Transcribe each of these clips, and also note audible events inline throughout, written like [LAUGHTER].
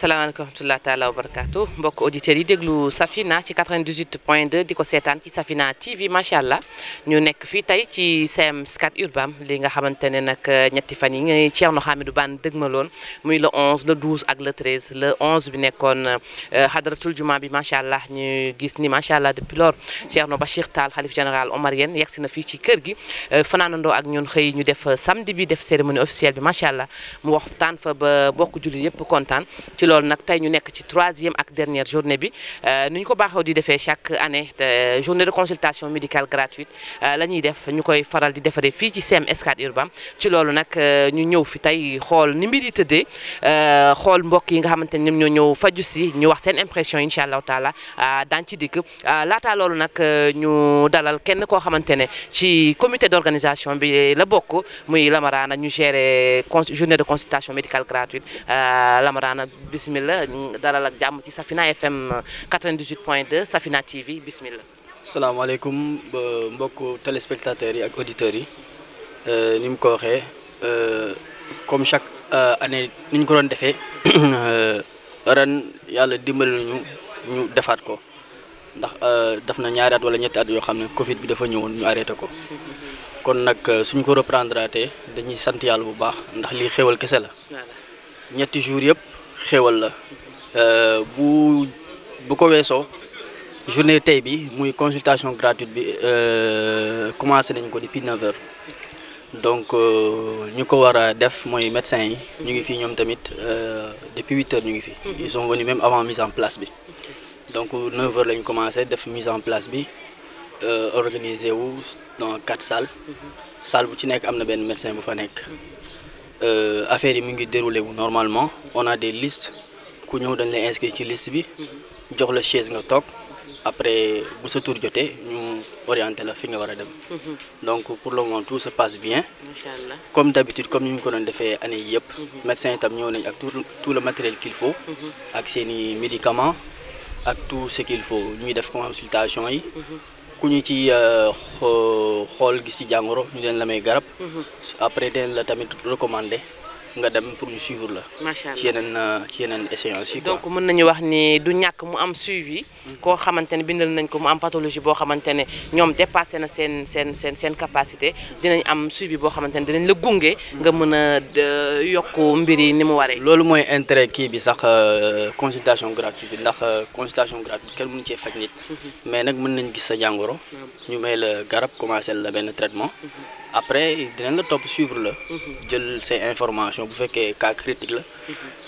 asalaamaaleykum wa rahmatulah taalaa wa barakaatu mbokk auditeurs yi déglu Safina ci 98 point 2 di ko seetaan ci Safina TV macha allah ñu nekk fii tey ci CM Scat Urbam li nga xamante ne nag ñetti fan yi ngay Thierno Hamidou Bane loon muy le 11 le 12 ak le 13 le 11 bi nekkoon euh, xadaratul juma bi macha allah ñu gis ni macha allah depuis lors Thierno Bachir Tall xalif général omarien yegg si na fii ci kër gi euh, fanaanandoo ak ñun xëy ñu def euh, samedi bi def cérémonie officielle bi macha allah mu waxtaan fa ba bokk jullit yëpp kontaan loolu nak tay ñu nekk ci 3e ak dernière journée bi euh ñu ko baxaw di défé chaque année euh, journée de consultation médicale gratuite euh, la ñuy def ñukoy faral di défé fi ci CEM Scat Urbam ci loolu nak euh, ñu ñëw fi tay xol ni mbir yi euh xol mbokk yi nga xamante ni ñoo ñëw faju ci ñu wax seen impression inshallah allahu taala dans ci dikk laataa loolu nak ñu dalal kenn ko xamantene ci comité d'organisation bi la bokku muy Lamarana ñu gérer journée de consultation médicale gratuite Lamarana bismillah dalal ak jàmm ci Safina FM 98.2 Safina TV bismillah. salaamaaleykum mbokk téléspectateurs yi ak auditeurs yi euh, ni mu ko waxee euh, comme chaque euh, année ni ñu ko doon defee [COUGHS] ren yàlla dimbali nañu ñu defaat ko ndax def na ñaari at wala ñetti at yoo xam ne Covid bi dafa ñëwoon ñu arrêté ko kon nag suñ ko reprendre atee dañuy sant yàlla bu baax ndax li xéwal kese la ñetti jours yëpp. xéwal la euh, bu bu ko la journée tay bi muy consultation gratuite bi euh, commencé ko depuis 9 h donc euh, ñu ko war médecins, def moy médecin yi ñu ngi tamit depuis 8 h ñu ngi fi. ils sont venus même avant mise en place bi donc 9 nous lañ commencé def mise en place bi organiser wu dans quatre salles salle bu ci nek amna ben médecin bu fa nek euh, affaire yi déroulée normalement on a des listes ku nous dañ les inscrit ci liste bi jox la chaise après on sa tour ñu la fi mhm. donc pour le moment tout se passe bien. comme d'habitude comme nous avons fait les médecins année tout le matériel qu'il faut. Mhm. Avec seen médicaments avec tout ce qu'il faut avons une consultation mhm. ku ñu ci euh, xool gis ci jàngoro ñu leen la may garab mm-hmm. après deen la tamit recommandé nga dem pour ñu suivre la. macha ci yeneen euh, ci yeneen yi donc mën nañu wax ni du ñàkk mu am suivi. koo xamante ne bindal nañ ko mu am pathologie boo xamante ne ñoom dépassé na seen seen seen capacité dinañ am suivi boo xamante ne dinañ la gunge. nga mën a yokk mbir yi ni mu waree. loolu mooy intérêt kii bi sax euh, consultation gratuite bi ndax euh, consultation gratuite kenn mënu cee faj nit. Mhm. mais nag mën nañ gis sa jàngoro. Mhm. ñu may la garab commencé la benn traitement. Mhm. après dinañ le top suivre la. jël say vous bu que cas critique là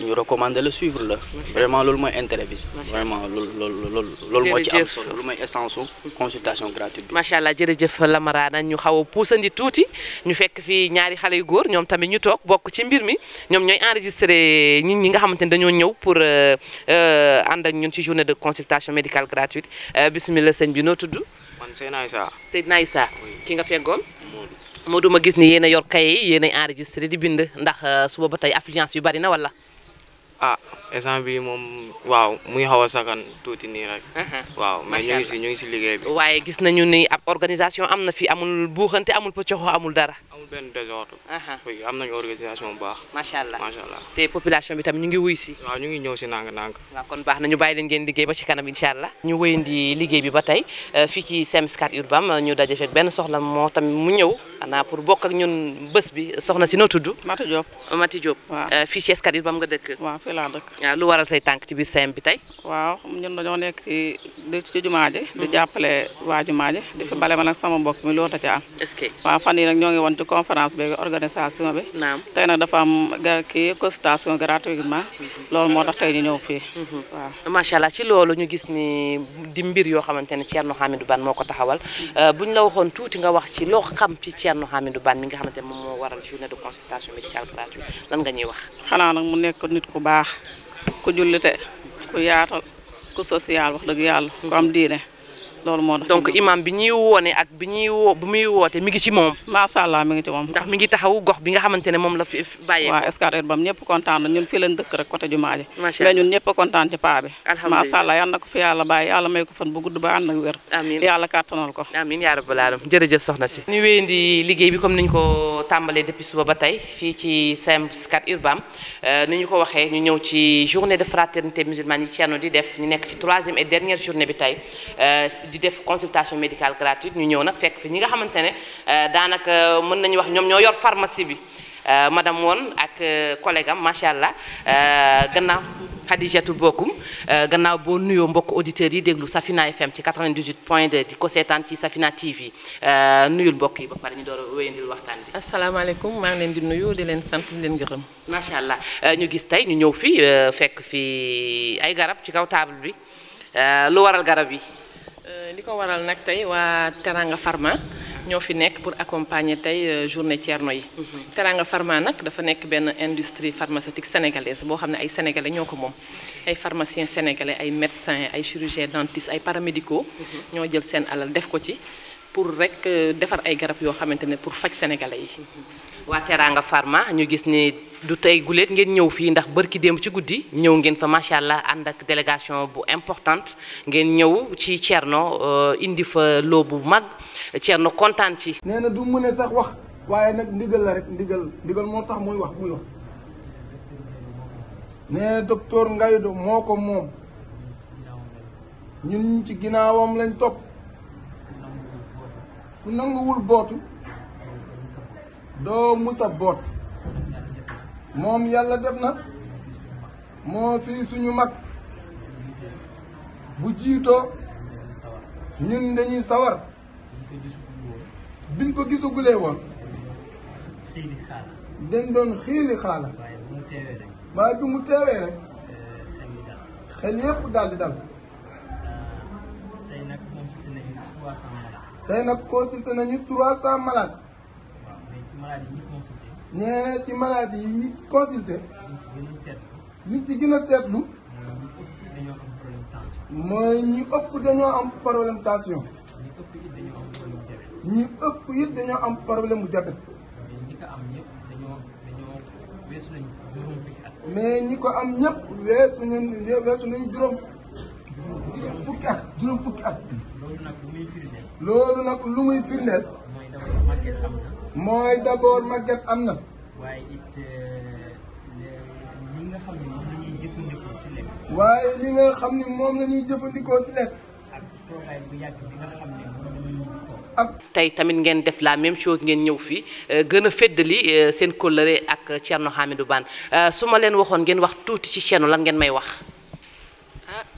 mhm. ñu recommander le suivre la. vraiment loolu est intérêt bi. vraiment loolu est loolu loolu moo ci am solo essence consultation gratuite bi. macha allah la Lamarana ñu avons a puusandi tuuti ñu fekk fii ñaari xale yu góor ñoom tamit ñu toog bokk ci mbir mi ñoom ñooy enregistré nit ñi nga xamante ne ñëw pour euh, euh, ànd ak ñun ci journée de consultation médicale gratuite euh, bien sëñ bi noo tudd. man Seydina Issa. Seydina Issa ki nga feggoon. Modou ma gis ni yéen a yor kay yéen a enregistré di bind ndax euh, suba ba tey affluence bi bari na wala. Ah, essence bi moom waaw muy xaw a sakan tuuti nii rek. Mhm. waaw mais ñu ngi si ngi si liggéey bi. waaye gis nañu ni ab organisation am na fi amul buuxante amul pëccoxoo amul dara. amul benn désordre. Mhm. oui am nañu organisation bu baax. macha allah macha allah bi tam ñu ngi wuy si. waaw ngi ñëw si nànk-nànk. waaw kon baax na ñu bàyyi leen ngeen liggéey ba ci kanam incha allah. ñu wéyandi liggéey bi ba tey euh, fii ci SEM Scat Urbam ñu daje fekk benn soxla moo tam mu ñëw xanaa pour bokk ak ñun bës bi soxna si noo tudd. Mati Diop Mati Diop. waaw euh, fii ci Scat Urbam nga dëkk. waaw dëkk waaw lu waral say tànk ci biir CM bi tey. waaw ñun dañoo nekk ci ci jumaa ji di mm-hmm. jàppale waa jumaa ji di fi bale ma nag sama mbokk mi loota ca am. est mm-hmm. mm-hmm. ci bi loolu ñu gis ni di mbir yoo xamante ne Thierno Hamidou Bane moo ko taxawal euh, buñ la waxoon tuuti nga wax ci loo xam ci Thierno Hamidou Bane mi nga xamante ne moom moo waral journée de consultation médicale gratuite lan nga ñuy wax. xanaa nag mu nekk nit ku baax. ku jullite ku yaatal ku social wax dëgg yàlla ku am diine loolu moo tax donc imam bi ñuy woone ak bi ñuy woo bi muy woote mi ngi ci moom macha allah mi ngi ci moom ndax mi ngi taxaw gox bi nga xamante ne moom la fi bàyyee waaw escadre bam ñëpp kontaan na ñun fii lañ dëkk rek côté jumaa ji mais ñun ñëpp kontaan ci paa bi macha allah yal na ko fi yàlla bàyyi yàlla may ko fan bu gudd ba ànd ak wér amiin yàlla kàttanal ko amiin yaa rabbal aalamiin jërëjëf soxna si ñu wéyandi liggéey bi comme niñ ko tàmbalee depuis suba ba tey fii ci Simb Scat Urbam ni ñu ko waxee ñu ñëw ci journée de fraternité musulmane yi Thierno di def ñu nekk ci troisième et dernière journée bi tey di def consultation médical gratuite ñu ñëw nag fekk fi ñi nga xamante ne euh, daanaka euh, mën nañu wax ñoom ñoo yor pharmacie bi euh, madam woon ak collègue am macha allah gannaaw Xadijatu bokkum gannaaw boo nuyoo mbokk auditeurs yi déglu Safina FM ci 98 point 2 di ko seetaan ci Safina TV nuyul mbokk yi ba pare ñu door a wéyandil waxtaan bi. asalaamaaleykum maa ngi leen di nuyu di leen sant di leen gërëm. macha allah ñu gis tey ñu ñëw fi fekk fi ay garab ci kaw taabal bi lu waral garab yi. li ko waral nak tay wa Teranga Pharma ño fi nek pour accompagner tay euh, journée tierno yi. Mhm. Teranga Pharma nak dafa nek ben industrie pharmaceutique sénégalaise bo xamné ay sénégalais ñoo ko moom. ay pharmaciens sénégalais ay médecins ay chirurgiens dentistes ay paramédicaux. Mhm. ño jël sen alal def ko ci. pour rek euh, defar ay garab yo xamantene ne pour fajj sénégalais yi. wa Teranga Pharma ñu gis ni du tay gulet ngeen ñew fi ndax barki dem ci guddi ñew ngeen fa machallah and ak délégation bu importante ngeen ñew ci tierno euh, indi fa lo bu mag tierno kontaan ci. neena du mëne sax wax waye nak ndigal la rek ndigal ndigal mo tax moy wax muy wax nee docteur Ngaye Do mom ñun ci ginaawam lañ top ku nanguwul bootu doo musa boot moom yàlla def na moo fii suñu mag bu jiitoo ñun dañuy sawar biñ ko gisugulee woon dañ doon xiili xaala waaye bu mu teewee rek xel yépp daal dal tey nag consulté nañu trois cent malades. nee ci malades yi ñi consulté. nit ci gën a seetlu. mooy ñu ëpp dañoo am problème tension. ñu ëpp it dañoo am problème mu diabète. mais ñi ko am ñëpp weesu nañ weesu juróom. juróom fukki at loolu nag lu muy firndeel. mooy d'abord màgget am na. Euh, waaye li nga xam ne moom la jëfandikoo ci lekk. tey tamit ngeen def la même chose ngeen ñëw fii euh, gën a feddali euh, seen kóllëre ak Thierno Hamidou Bane su ma leen waxoon ngeen wax tuuti ci Thierno lan ngeen may wax.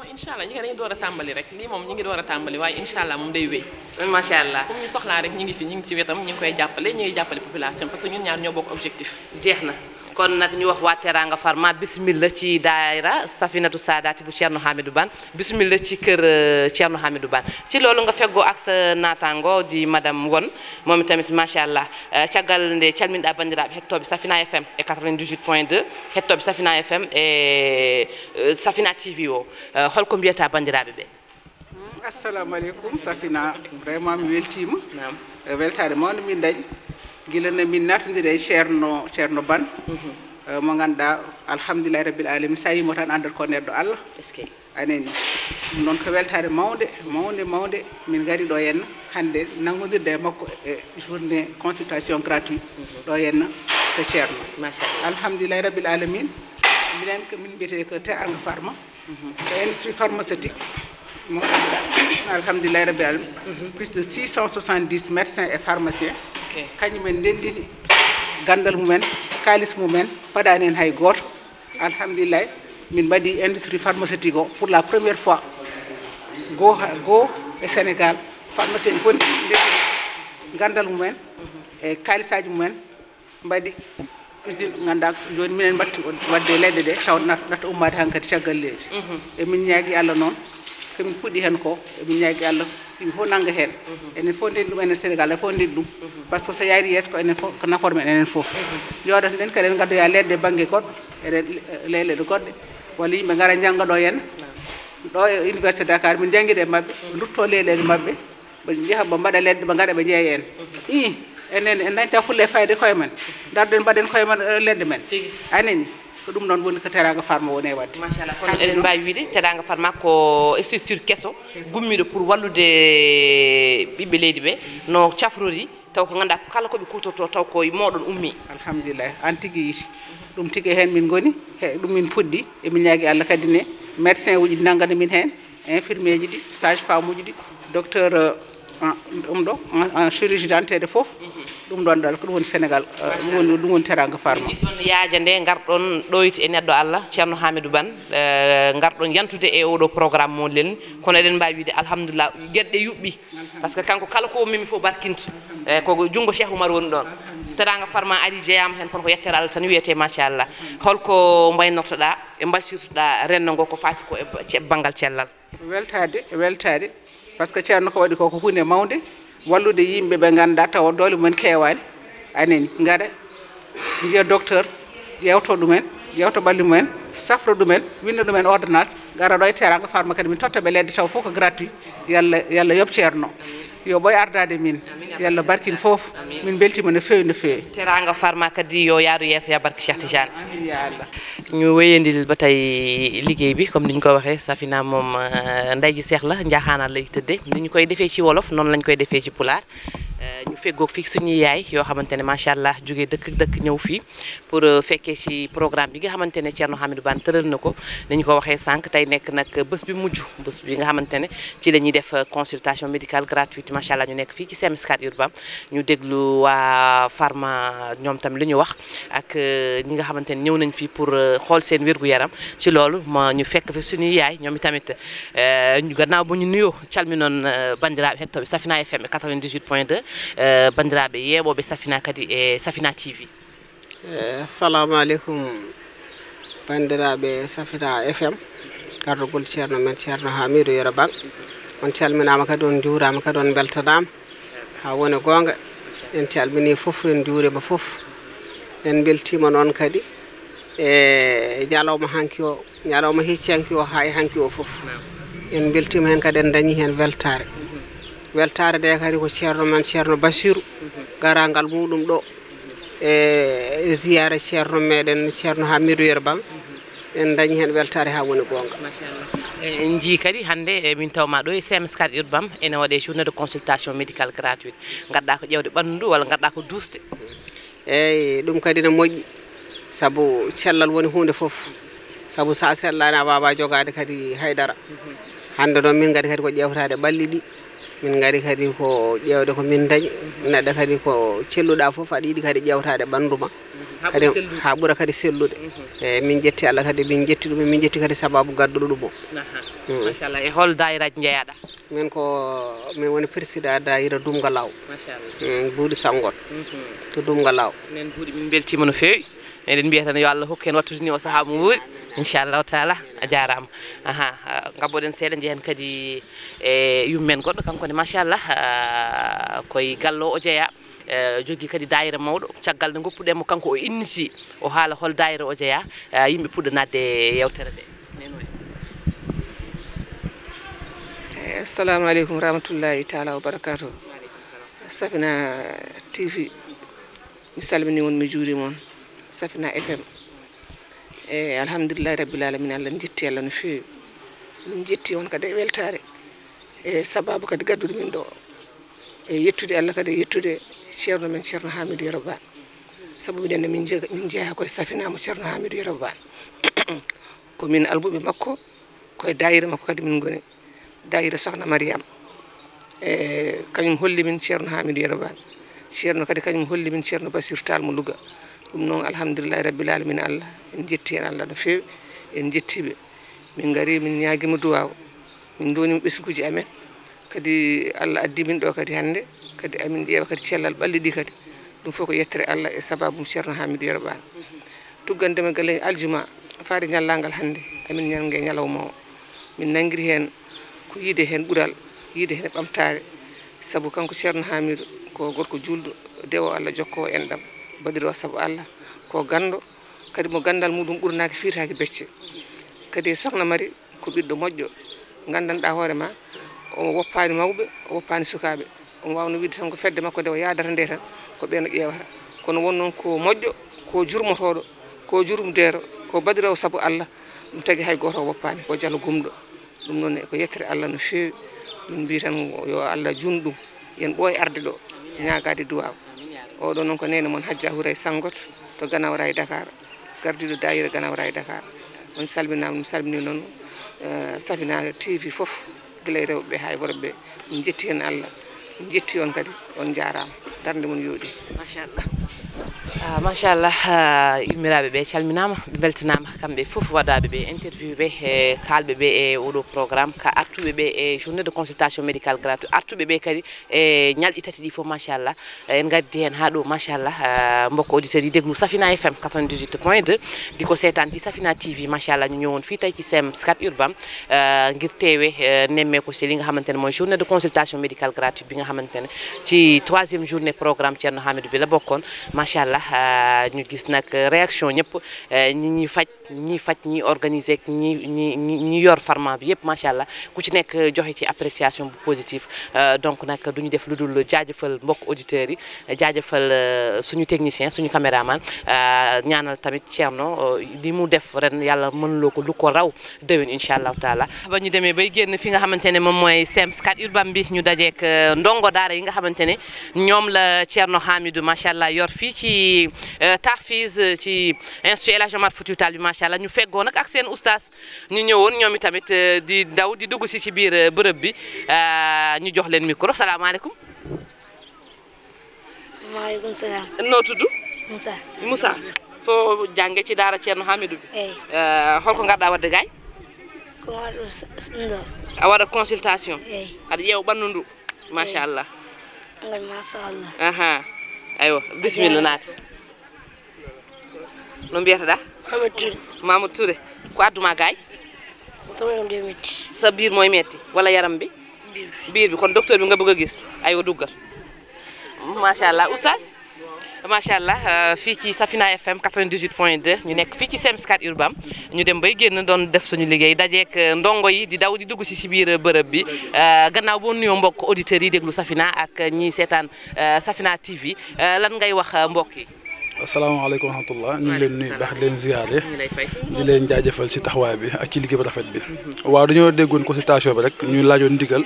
non incha allah ñi nga dañu door a tàmbali rek lii moom ñi ngi door a tàmbali waaye incha allah moom day wéy macha allah comme ñu soxlaa rek ñi ngi fi ñi ngi ci wetam ñi ngi koy jàppale ñi ngi jàppale population parce que ñun ñaar ñoo bokk objectif jeex na kon nag ñu wax waa teranga farma bisimilla ci daayra safinatu saadaati bu ceerno hamidou ban bisimilla ci kër ceerno euh, hamidou ban ci loolu nga feggoo ak sa naataango di madame won moom tamit macha allah euh, caggal nde calmin ɗa bandiraaɓe hetto bi safina fm et 98 point 2 hetto bi safina fm e euh, safina tv o holko mbiyata bandiraaɓe ɓe assalamu aleykum safina vraiment mi weltima weltaade mawnde min dañ gila no min nartodire e ceerno ceerno ban mhm. euh, mo ganduɗa alhamdulillahi rabbil alamin sayimo tan andata ko neɗɗo allah anani ɗum noon ko weltare mawde mawde mawde min gari ɗo henna hande nangodirde e makko e journée consultation gratuit mhm. ɗo henna to e ceerno alhamdulillahi rabbil alamin minen ko min mbiyete ko terange farma mhm. ko industrie pharmaceutique mo [COUGHS] alhamdulillahi rabbil alamin plus de 670 médecin et pharmacien kañumen ndendini gandal mumen kalis mumen paɗani en hay goto alhamdulillah min mbaɗi industrie pharmaceutique o pour la première fois goo goo e sénégal pharmacie en foni ndendini gandal mumen e kalisaji mumen mbaɗi usine ganduɗa joni minen mbatti wadde leyɗe ɗe taw natta ummade hankkadi caggal leydi mhm. emin ñaagui allah noon komin puɗɗi hen ko emin ñaagui allah yim fof nanga heen mhm. enen fof ndenni ɗum enen sénégal e fof ndenni ɗum mhm. par ce que so yayri yes ko enen fof ko nafoor men enen fof mhm. jooɗoto nden kadi en ngaddoya leɗɗe baŋnge goɗɗo eɗen leyle ɗo goɗɗe walla yimɓe ngara jannga ɗo henna ɗo e université dakar min jangguide e maɓɓe dutto leyɗele maɓɓe ɓe jeeha ɓe mbaɗa leɗɗe ɓe ngaɗa ɓe jeeya en i enen en dañta fulle fayde koye men darɗen mbaɗen koye men leɗɗe men anani ko ɗum noon woni ko teraga farma woni e wadde machallah kono eɗen mbawi wiide teraga farma ko structure kesso gummiɗo pour wallude ɓiɓɓe leydi ɓe no cafrori taw ko ganduɗa kala koɓe kutorto taw ko moɗon ummi alhamdulillahi an tigui yiti ɗum tigui hen min goni e ɗum min puɗɗi emin ñaagui allah kadi ne médecin uji ɗi nanggana min hen infirmier ji ɗi sage femme uji ɗi docteur euh, ɗum ɗo en chirurgie dentaire e foof mm -hmm. dum don dal ko won senegal sénégal ɗum woni euh, teranga farma ɗon yaaja nde garɗon ɗoyti e neɗɗo allah ceerno hamidou ban euh, garɗon yantude e do programme mo len kono eɗen mbawi wiide alhamdulillah gueɗɗe yuɓɓi par ce que kanko kala ko mimi fo barkinto e ko junggo cheikh oumar won don teranga farma ari jeyam hen kono ko yettere alla tan wiete machallah holko mbaynortoɗa e mbasirtoɗa renno go ko fati ko e bangal cellal weltade weltade parce ce que ceerno ko wadi ko ko hunde mawde wallude yimɓe ɓe ngannduɗa tawa doole mumen keewani anani ngaɗa jiya docteur ƴewto ɗumen ƴewto ɓalli mumen safra ɗumen winda ɗumen ordonnance gara ɗo e terrain ko farma kadi min totta ɓe leɗɗe taw fof ko gratuit yalla yalla yoɓ ceerno yo ɓoye ardaade min yo allah barkin fof min beltima no feewi no feewi teranga farma kadi yo yaaru yesso ya barki cheikh tidiane amin ya allah ñu wéyandil ba tey liggéey bi comme ni ñu ko waxee safina moom euh, ndey ji seex la njaaxaanaat lay tëdde ni ñu koy defee ci wolof noonu lañ koy defee ci pulaar euh, ñu feggoog fii suñuy yaay yoo xamante ne macha allah jógee dëkk dëkk ñëw fii pour euh, fekkee ci programme bi nga xamante ne Thierno Hamidou Bane tëral na ko ni ñu ko waxee sànq tey nekk nag bés bi mujj bés bi nga xamante ne ci la ñuy def consultation médicale gratuite macha allah ñu nekk fii ci CMS 4 urbain ñu déglu waa pharma ñoom tam li ñu wax ak euh, ñi nga xamante ne ñëw nañ fii pour euh, xool seen wérgu yaram ci loolu ma ñu fekk fi suñuy yaay ñoom itamit euh, gannaaw bu ñu nuyoo calminoon bandiraɓe hettoɓe safina fm 98 point 2 bandiraɓe yeeɓoɓe safina kadi e safina tv assalamu aleykum bandiraɓe safina fm kardogol ceerno men ceerno hamidou yero bang on calminama kadi on juurama kadi on beltanama ha woni gonga en calmini foof en juurima foof en beltima noon kadi e ñalawma hanki o ñalawma heccanki o ha e hanki o foof en beltima hen kadi en dañi hen weltare weltare nde kadi ko ceerno men ceerno basiru garangal muɗum ɗo e ziyara ceerno meɗen ceerno hamidou yerbam en dañi hen weltare ha woni gonga machallah jii kadi hannde e min tawma ɗo e cms 4 urbam ene waɗe journée de consultation médical gratuite gadɗa ko ƴewde ɓanndu walla gadɗa ko duusde eyyi ɗum kadi ne moƴƴi saabu cellal woni hunde fof saabu sa sellani a wawa jogade kadi haydara mhm. hannde noon min gadi kadi ko ƴewtade ɓalli ɗi min gari kadi ko ƴewde ko min dañi neɗɗo kadi ko celluɗa foof aɗa yiɗi kadi ƴewtade ɓandu ma kadi ha ɓuura kadi sellude eyyi mhm. e min jetti allah kadi min jetti ɗum min jetti kadi sababu gadduɗo ɗum o mm. machallah e hol dayiraji jeeyaɗa min ko min woni président dayira dumga law mm, buuɗi sangot mhm. to dumga law nen buuɗi min beltima no fewi eɗen mbiya tan yo allah hokku hen wattude ni o saaha mo wuuri inchallahu taala a jarama aha gabboɗen seeɗa jeehen kadi e yummen goɗɗo kankone machallah koye gallo o jeeya e, jogui kadi dayira mawɗo caggal nde goppuɗen mo kanko o initi o haala hol dayira o jeeya yimɓe puɗɗo nadde yewtere nde e. eh, assalamu aleykum rahmatullahi taala wabarakatu safina tv mi salmini won mi juuri moon safina fm eyyi alhamdulillahi rabbil alamina allah en jetti allah no fewi min jetti on kadi e weltare e sababu kadi gadduɗo min ɗo e yettude allah kadi e yettude ceerno men ceerno hamidou yero ba sabu miɗenne min min jeeya koye safinamo ceerno hamidou yero ba [COUGHS] ko min albuɓe makko koye dayira makko kadi min goni dayira sokhna mariame e kañum holli min ceerno hamidou yero ba ceerno kadi kañum holli min ceerno basir talmo louga ɗum noon alhamdoulillahi rabbil alamina allah en jettihen allah no fewi en jettiɓe min gari min ñaguima duwawo min donima ɓesguji amen kadi allah addi min ɗo kadi hande kadi amin ƴeewa kadi cellal ɓalli ɗi kadi ɗum foof ko yettere allah e sababum ceerno hamidou yerɓano tuggandema galle aljuma faade ñallagal hande amin ñange e ñalawma o min nangiri hen ko yiide hen ɓuural yiide hen ɓamtare saabu kanko ceerno hamidou ko gorko julɗo dewo allah jokko enɗam baɗiroo sabu allah ko ganndo kadi mo ganndal muɗum ɓurnaaki fiirtaaki becce kadi sohna mari ko ɓiɗɗo moƴƴo nganndanɗaa hoore ma omo woppaani mawɓe o woppaani sukaaɓe omo waawno wiide tan ko fedde makko nde o yaadata nde tan ko ɓeeno ƴeewata kono won noon ko moƴƴo ko jurmotooɗo ko jurumdeero ko badiroo sabu allah ɗum tagi hay gooto o woppaani ko jalo gumɗo ɗum noon e ko yettere allah no feewi ɗum mbi tan yo allah junɗum yen ɓooye arde ɗo ñaagaade duwaaw oɗo noon ko nene moon hajja huray sangot to ganawra e dakar gardiɗo dayira ganawra e dakar on salminama ɗum salmini noon eh, safinaga tv foof guila e rewɓeɓe ha e worɓeɓe min jetti hen allah min jetti on kadi on jarama darde mon yooɗi machallah Ah, machallah ummiraɓe ah, ɓe calminama ɓe beltanama kamɓe foof waɗaɓe ɓe interview ɓe e kalɓe ɓe e oɗo programme ka artuɓe ɓe e journée de consultation médical gratuit artuɓe ɓe kadi e ñalɗi tati ɗi foof machallah en gaddi hen ha ɗo machallah mbokka auditeur yi déglu safina fm 98 point 2 diko setanti safina tv machallah ñu ñëwoon fii tay ci sem scat urbam ah, ngir teewe eh, nemme ko si li nga xamante ne mooy journée de consultation médical gratuit bi nga xamante ne ci troisième journée programme ceerno hamidou bi la bokkoon macha allah euh, ñu gis nag réaction ñëpp euh, ñi ñi faj ñi faj ñi organiser ak ñi ñi ñi yor farma bi yëpp macha allah ku ci nekk joxe ci appréciation bu positive euh, donc nag duñu def lu dul jaajëfal mbokk auditeurs yi jaajëfal suñu technicien suñu caméraman ñaanal tamit Thierno li mu def ren yàlla mën loo ko lu ko raw déwén incha allahu taala. ba ñu demee bay génn fi nga xamante moom mooy SEMS 4 urbain bi ñu dajeek ndongo daara yi nga xamante ñoom la Thierno fii ci euh, fiis euh, ci institut El Hadj Omar bi macha allah ñu feggoo nag ak seen ustaas ñu ñëwoon ñoom tamit euh, di daw di dugg si ci biir bërëb bi ñu jox leen micro salaamaaleykum. maaleykum salaam. noo tudd. Moussa Moussa. foo ci daara Thierno Hamidou bi. xool ko nga daa gaay. ko consultation aɗa ƴeewa ɓanndu ndu machallah machallah aha aywa bisimilla naati no mbiyataɗa mamadou touré mamadou touré ko adduma gaay sama yaram day sa biir mooy metti wala yaram bi biir bi kon docteur bi nga bëgg a gis aywa duggal machallah oustaz macha allah euh, fii ci Safina FM 98 point 2 ñu nekk fii ci Sem Scat Urbam ñu dem bay génn doon def suñu liggéey dajeek euh, ndongo yi di daw di dugg si si biir bërëb bi euh, gannaaw boo nuyoo mbokk auditeurs yi déglu Safina ak ñi seetaan Safina TV lan ngay wax mbokk yi. asalaamaaleykum wa rahmatullah ñu leen nuyu baax di leen ziyaare di leen jaajëfal si taxawaay bi ak ci liggéey bu rafet bi. Mm-hmm. waaw dañoo déggoon consultation bi rek ñu laajoon ndigal.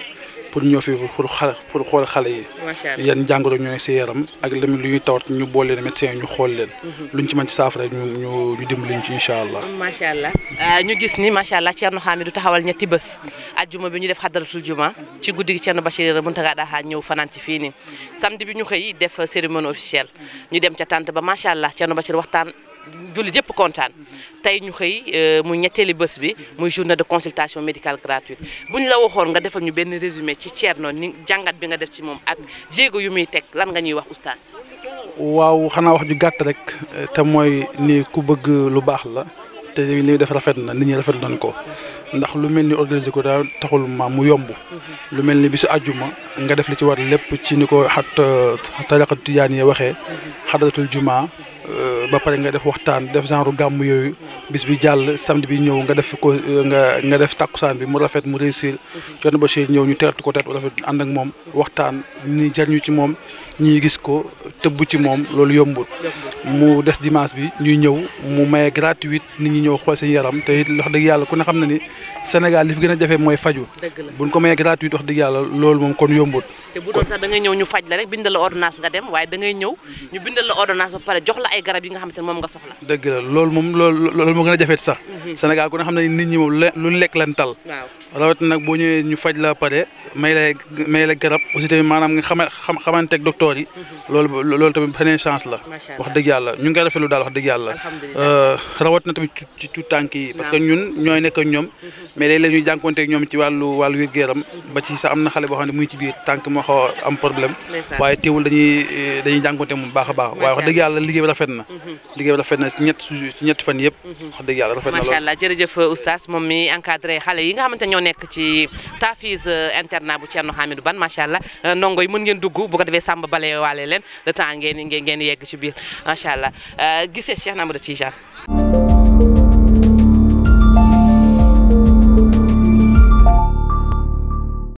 pour ñëw fi pour xal pour xool xale yi. yeen jàngoro ñoo ci yaram ak lim lu ñuy tawat ñu bolé leen médecin ñu xool leen. luñ ci man ci saafara ñu ñu ñu dimbali ñu ci inshallah allah. macha allah ñu gis ni macha allah Thierno Hamidou taxawal ñetti bëss aljuma bi ñu def hadratul juma ci guddi gi Thierno Bachir da ha ñëw fanan ci fi ni samedi bi ñu xëy def cérémonie officielle ñu dem ci tante ba macha allah Thierno Bachir waxtaan. jullit yëpp kontaan tey ñu xëy euh, muy ñetteeli bés bi muy journée de consultation médicale gratuite bu ñu la waxoon nga defal ñu benn résumé ci Thierno ni jàngat bi nga def ci moom ak jéego yu muy teg lan nga ñuy wax oustaz. waaw xanaa wax ju gàtt rek te mooy ni ku bëgg lu baax la te li muy def rafet na nit ñi rafet nañ ko ndax lu mel ni organiser ko daal taxul ma mu yomb. lu mel ni bisu àjjuma nga def li ci war lépp ci ni ko xat euh, tariqa tijaani waxee xadaratul jumaa Euh, ba pare nga def waxtaan def genre gàmm yooyu bis bi jàll samedi bi ñëw nga def ko euh, nga nga def takkusaan bi mu rafet mu réussir ba Bachir ñëw ñu teertu ko teertu rafet ànd ak moom waxtaan ñi jarñu ci moom ñi gis ko tëbb ci moom loolu yombul mu des dimanche bi ñuy ñëw mu maye gratuit nit ñi ñëw xool seen yaram te it wax dëgg yàlla ku ne xam na ni Sénégal li fi gën a jafe mooy faju buñ ko maye gratuit wax dëgg yàlla loolu moom kon yombul te bu doon sax da ngay ñëw ñu faj la rek bindal la ordonnance nga dem waaye da ñëw ñu bindal la ordonnance ba pare jox la ay garab yi nga xamante ne moom nga soxla dëgg la loolu moom loolu moo gën a jafeet sax mhm. Sénégal ku ne xam ne nit ñi moom la pare may lay may la garab aussi tamit maanaam nga yi mhm. loolu loolu tamit beneen la wax dëgg yàlla ñu ngi koy rafetlu daal wax dëgg yàlla euh, rawat na tamit ci tout yi parce que ñun ñooy nekk ñoom mhm. mais léeg-léeg ñoom ci wàllu wàllu ba ci sa am na xale boo xam ne muy ci biir tànk moo xaw a am problème waaye teewul dañuy dañuy jànkonte moom baax a baax waaye wax dëgg yàlla liggéey bi rafet na mhm. liggéey bi rafet na ci ñett ci ñett fan yëpp mhm. wax dëgg yàlla rafet na macha allah jërëjëf euh, oustaz moom mi encadré xale yi nga xamante ñoo nekk ci tafis euh, internat bu Thierno du Bane macha allah euh, nongo yi mën ngeen dugg bu ko defee sàmb bale waale leen le temps ngeen ngeen yegg ci biir macha allah gisee Cheikh Namadou Tidiane